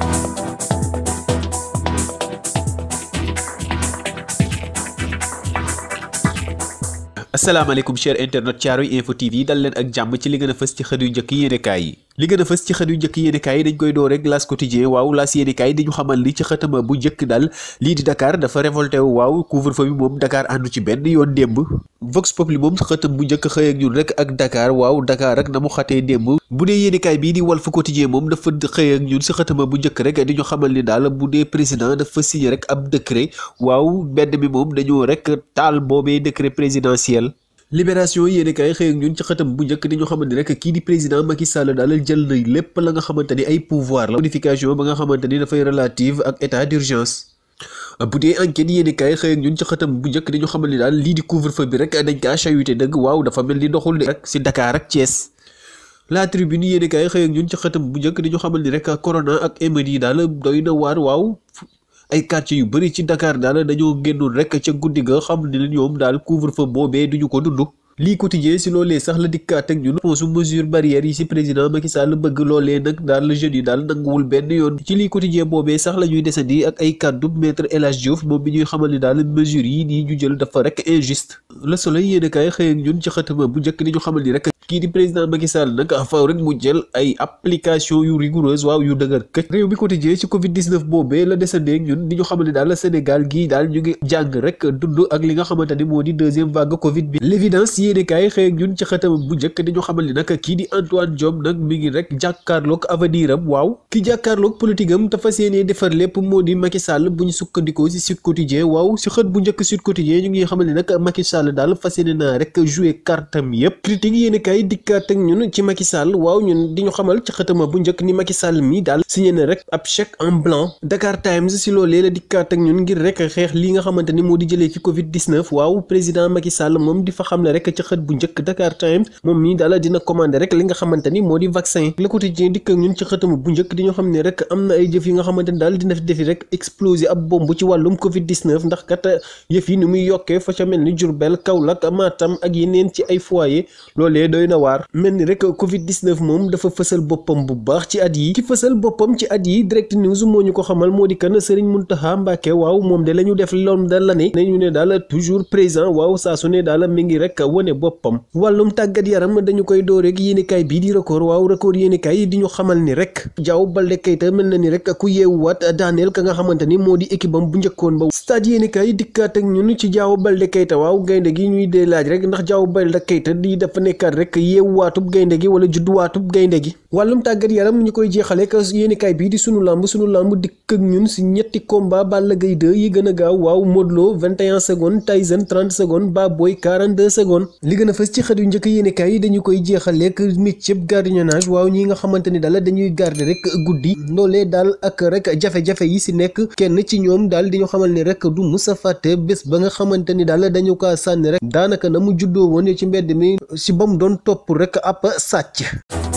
Thank you. asalaamaaleykum chers internautes Caaroy info TV dal leen ak jàmm ci li gën a fës ci xët yu njëkk yéenekaay yi li gën a fës ci xët yu njëkk yéenekaay yi dañ koy door rek L'As Quotidien waaw L'As yéenekaay di ñu xamal li bu njëkk daal lii di Dakar dafa révolté wu waaw couvre-feu bi moom Dakar ci benn yoon démb Vox Populi moom xëtam bu njëkk xëy ak ñun rek ak Dakar waaw Dakar rek na mu xatee démb bu dee yéenekaay bii di Walf Quotidien moom dafa xëy ak ñun si bu njëkk rek di ñu xamal ni daal bu dee président dafa signé rek ab décret waaw benn bi moom dañoo rek taal boobee décret présidentiel libération yéeni kaay xëy ñun ci xëtam bu njëkk di ñu xamante rek kii di président Macky Sall daal jël na lépp la nga xamante ni ay pouvoir la modification ba nga xamante ni dafay relative ak état d'urgence bu dee enquête yéeni kaay xëy ñun ci xëtam bu njëkk di ñu xamante ni daal lii di couvre-feu rek dañ kaa chayuté dëgg waaw dafa mel ni doxul de rek si Dakar ak Thiès la tribune yéeni kaay xëy ñun ci xëtam bu njëkk di ñu xamal rek corona ak émeutes yi daal doy na waar waaw ay quartier yu bëri ci Dakar daal dañoo génnoon rek ca guddi nga xam ne ñoom daal couvre feu boobee duñu ko dund. li quotidien si lolé sax la dikkat ak ñun posu mesure barrière yi ci président Macky Sall bëgg lolé nak dal jeune yi dal nangul ben yoon ci li quotidien bobé sax lañuy déssandi ak ay cadeau maître Elage Diouf mom bi ñuy xamal ni dal mesure yi ni ñu jël dafa rek injuste le soleil yene kay xey ak ñun ci xëtuma bu jëk ni ñu xamal ni rek ki di président Macky Sall nak faaw rek mu jël ay application yu rigoureuse waaw yu dëgër kecc réew bi quotidien ci covid 19 bobé la déssandé ak ñun di ñu xamal ni dal Sénégal gi dal ñu ngi jang rek dund ak li nga xamanteni modi deuxième vague covid bi l'évidence yéene kaay xëy ñun ci xëtam bu njëkk di ñu xamal ni nag kii di Antoine Job, nag mi ngi rek jàkkaarloog avenir am waaw ki jàkkaarloog politique am dafa séenee defar lépp moo di Macky Sall bu ñu sukkandikoo si Sud Quotidien waaw si xët bu njëkk Sud Quotidien ñu ngi xamal ni nag Macky Sall daal fas naa rek jouer kartam yépp critique yéene kaay dikkaat ak ñun ci Macky Sall waaw ñun di ñu xamal ci xëtama bu njëkk ni Macky Sall mi daal signé na rek ab chèque en blanc Dakar Times si loolee la dikkaat ak ñun ngir rek xeex li nga xamante ni moo di jëlee ci Covid 19 waaw président Macky Sall moom di fa xamle rek ci xët bu njëkk Dakar Times moom mii daala dina commandé rek li nga xamante moo di vaccin le quotidien dikk ñun ci xëtamu bu njëkk di xam ne rek am na ay jëf yi nga xamante daal dina defi rek explosé ab bomb ci wàllum covid 19 ndax kat yëf yi ni muy yokkee fa ca mel ni Jurbel Kaolack Matam ak yeneen ci ay foyer loolee doy na waar mel ni rek covid 19 moom dafa fësal boppam bu baax ci at yi ki fësal boppam ci at yi direct news wane boppam wàllum tàggat yaram dañu koy door rek yéenekaay bii di record waaw record yéenekaay di ñu xamal ni rek Diaw Baldé Keita mel na ni rek ku yeewuwaat daaneel ka nga xamante ni moo di équipe bu njëkkoon ba stade yéenekaay dikkaat ak ñun ci Diaw Baldé Keita waaw gaynde gi ñuy dee laaj rek ndax Diaw Baldé Keita di dafa nekkaat rek yeewuwaatub gaynde gi wala judduwaatub gaynde gi wàllum tàggat yaram ñu koy jeexale ka yéenikaay bii di sunu làmb sunu làmb dikk ak ñun si ñetti combat Balla Gaye yi gën a gaaw waaw Modou Lo 21 secondes Tyson 30 secondes Baboy 42 secondes li gën a fës ci xët yu njëkk yéenikaay yi dañu koy jeexale ka métier gardiennage waaw ñi nga xamante ni daal dañuy garder rek guddi loolee daal ak rek jafe-jafe yi si nekk kenn ci ñoom daal di ñu xamal ni rek du sa fàtte bés ba nga xamante ni daal dañu kaa sànni rek daanaka na mu juddoo woon ci mbedd mi si ba mu doon topp rek ab sàcc